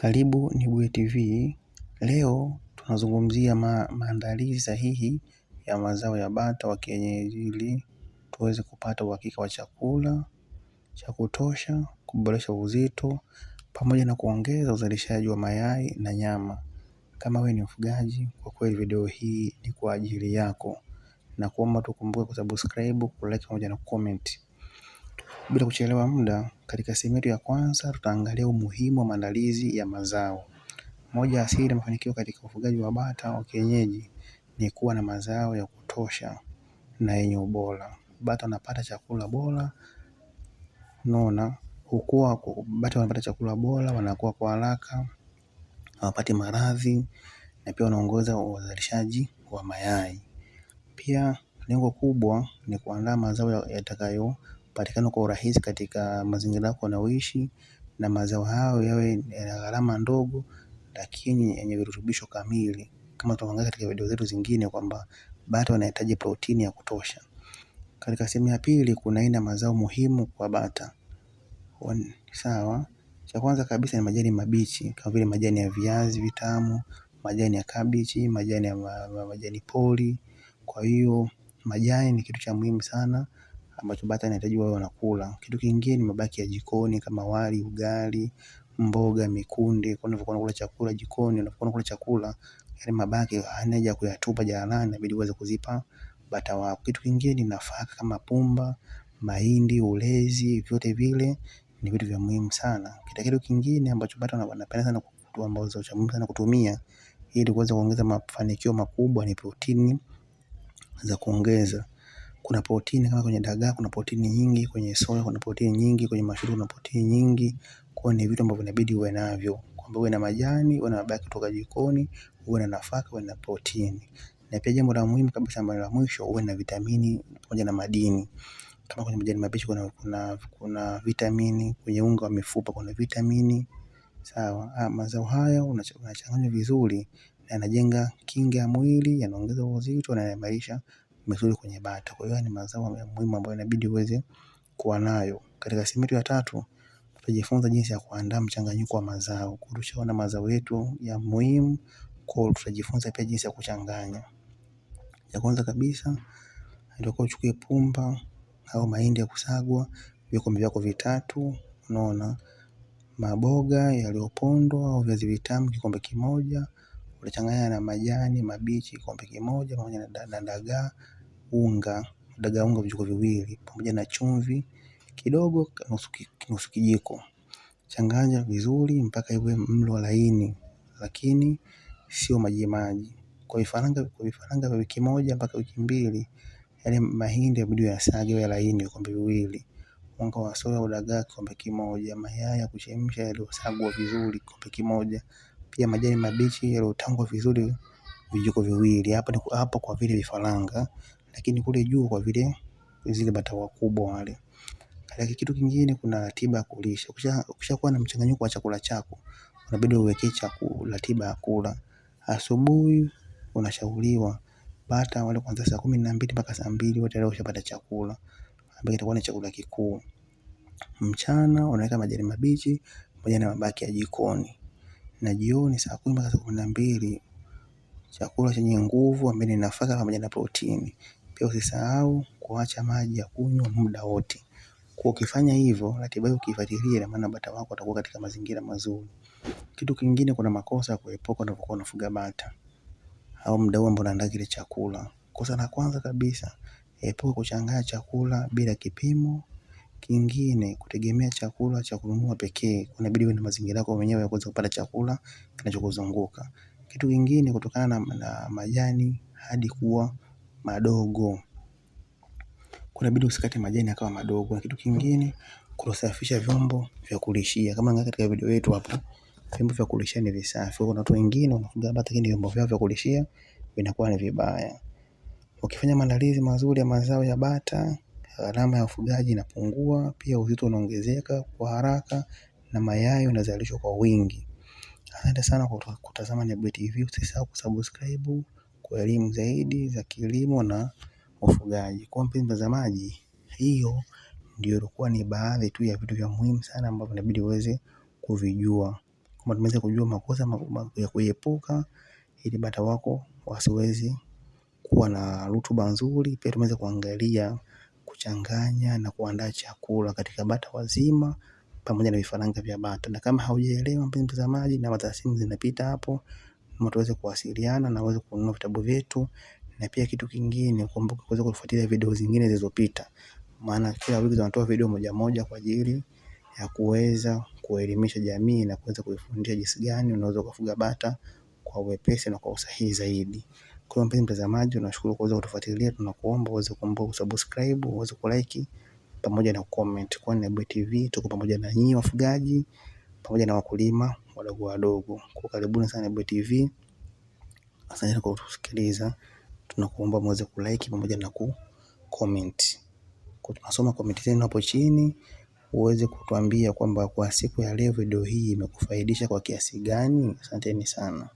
Karibu ni Bwe TV. Leo tunazungumzia maandalizi sahihi ya mazao ya bata wa kienyeji ili tuweze kupata uhakika wa chakula cha kutosha, kuboresha uzito pamoja na kuongeza uzalishaji wa mayai na nyama. Kama wewe ni mfugaji, kwa kweli video hii ni kwa ajili yako, na kuomba tukumbuke kusubscribe, kulike pamoja na comment. Bila kuchelewa muda, katika sehemu yetu ya kwanza tutaangalia umuhimu wa maandalizi ya mazao. Moja ya siri ya mafanikio katika ufugaji wa bata wa kienyeji ni kuwa na mazao ya kutosha na yenye ubora. Bata wanapata chakula bora, unaona hukua, bata wanapata chakula bora, wanakuwa kwa haraka, hawapati maradhi na pia wanaongoza uzalishaji wa mayai. Pia lengo kubwa ni kuandaa mazao yatakayo kupatikana kwa urahisi katika mazingira yako unayoishi na mazao hayo yawe yana gharama ndogo lakini yenye virutubisho kamili kama tunavyoangalia katika video zetu zingine kwamba bata wanahitaji protini ya kutosha. Katika sehemu ya pili kuna aina mazao muhimu kwa bata. Sawa, cha kwanza kabisa ni majani mabichi kama vile majani ya viazi vitamu, majani ya kabichi, majani ya ma, ma, majani poli. Kwa hiyo majani ni kitu cha muhimu sana ambacho bata anahitaji wawe wanakula. Kitu kingine ni mabaki ya jikoni kama wali, ugali, mboga, mikunde, kwa unavyokuwa unakula chakula jikoni, unavyokuwa unakula chakula yale mabaki hana haja ya kuyatupa jalalani inabidi uweze kuzipa bata wako. Kitu kingine ni nafaka kama pumba, mahindi, ulezi, vyote vile ni vitu vya muhimu sana. Kitu kile kingine ambacho bata wanapenda sana ambazo za muhimu sana kutumia ili kuweza kuongeza mafanikio makubwa ni protini za kuongeza kuna protini kama kwenye dagaa kuna protini nyingi, kwenye soya kuna protini nyingi, kwenye mashuru kuna protini nyingi. Kwa hiyo ni vitu ambavyo inabidi uwe navyo, kwamba uwe na majani, uwe na mabaki kutoka jikoni, uwe na nafaka, uwe na protini. Na pia jambo la muhimu kabisa ambalo la mwisho, uwe na vitamini pamoja na madini. Kama kwenye majani mabichi kuna, kuna, kuna vitamini, kwenye unga wa mifupa kuna vitamini. Sawa, ha, ah, mazao haya unachanganya vizuri na yanajenga kinga ya mwili, yanaongeza uzito na yanaimarisha mazuri kwenye bata. Kwa hiyo ni mazao ya muhimu ambayo inabidi uweze kuwa nayo. Katika sehemu yetu ya tatu tutajifunza jinsi ya kuandaa mchanganyiko wa mazao. Kushaona mazao yetu ya muhimu kwa tutajifunza pia jinsi ya kuchanganya. Ya kwanza kabisa itakuwa uchukue pumba au mahindi ya kusagwa vikombe vyako vitatu, unaona maboga yaliyopondwa au viazi vitamu kikombe kimoja, utachanganya na majani mabichi kikombe kimoja pamoja na dagaa unga dagaa unga vijiko viwili pamoja na chumvi kidogo nusu kijiko. Changanya vizuri mpaka iwe mlo laini lakini sio majimaji. Kwa vifaranga kwa vifaranga vya wiki moja mpaka wiki mbili yale mahindi yabidi uyasage yawe laini vikombe viwili, unga wa soya au dagaa kikombe kimoja, mayai ya kuchemsha yaliyosagwa vizuri kikombe kimoja, pia majani mabichi yaliyotangwa vizuri vijiko viwili. Hapo Hapo kwa vile vifaranga lakini kule juu kwa vile zile bata wakubwa wale. Lakini kitu kingine kuna ratiba ya kulisha. Ukishakuwa na mchanganyiko wa chakula chako, unabidi uweke chakula ratiba ya kula. Asubuhi unashauriwa bata wale kuanzia saa kumi na mbili mpaka saa mbili wote leo ushapata chakula ambacho kitakuwa ni chakula kikuu. Mchana unaweka majani mabichi pamoja na mabaki ya jikoni, na jioni saa kumi mpaka saa kumi na mbili chakula chenye nguvu ambacho ni nafaka pamoja na protini. Pia usisahau kuacha maji ya kunywa muda wote. Kwa ukifanya hivyo, ratiba hiyo ukifuatilia, ina maana bata wako watakuwa katika mazingira mazuri. Kitu kingine, kuna makosa ya kuepuka unapokuwa unafuga bata au muda huo ambao unaandaa kile chakula. Kosa la kwanza kabisa, epuka kuchanganya chakula bila kipimo. Kingine, kutegemea chakula cha kununua pekee, unabidi uwe na mazingira yako mwenyewe ya kuweza kupata chakula kinachokuzunguka. Kitu kingine, kutokana na majani hadi kuwa madogo. Kunabidi usikate majani yakawa madogo. Na kitu kingine kusafisha vyombo vya kulishia. Kama angalia katika video yetu hapo, vyombo vya kulishia ni visafi. Kuna watu wengine wanafuga bata lakini vyombo vyao vya kulishia vinakuwa ni vibaya. Ukifanya maandalizi mazuri ya mazao ya bata, gharama ya ufugaji inapungua, pia uzito unaongezeka kwa haraka na mayai unazalishwa kwa wingi. Asante sana kwa kutazama Nebuye TV. Usisahau kusubscribe, kwa elimu zaidi za kilimo na ufugaji. Kwa mpenzi mtazamaji, hiyo ndio ilikuwa ni baadhi tu ya vitu vya muhimu sana ambavyo inabidi uweze kuvijua, kama tumeweza kujua makosa ya kuepuka ili bata wako wasiwezi kuwa na rutuba nzuri. Pia tumeweza kuangalia kuchanganya na kuandaa chakula katika bata wazima pamoja na vifaranga vya bata, na kama haujaelewa mpenzi mtazamaji, namba za simu zinapita hapo ama tuweze kuwasiliana na uweze kununua vitabu vyetu, na pia kitu kingine ukumbuke kuweza kufuatilia video zingine zilizopita, maana kila wiki tunatoa video moja moja kwa ajili ya kuweza kuelimisha jamii na kuweza kuifundisha jinsi gani unaweza kufuga bata kwa wepesi na kwa usahihi zaidi. Kwa hiyo mpenzi mtazamaji, unashukuru kuweza kutufuatilia, tunakuomba uweze kumbuka kusubscribe, uweze kulike pamoja na comment, kwani Nebuye TV tuko pamoja na nyinyi wafugaji pamoja na wakulima wadogo wadogo. Kwa karibuni sana Nebuye TV, asante kwa kutusikiliza. Tunakuomba muweze kulike pamoja na comment. Kwa tunasoma comment zenu hapo chini, uweze kutuambia kwamba kwa siku ya leo video hii imekufaidisha kwa kiasi gani. Asanteni sana.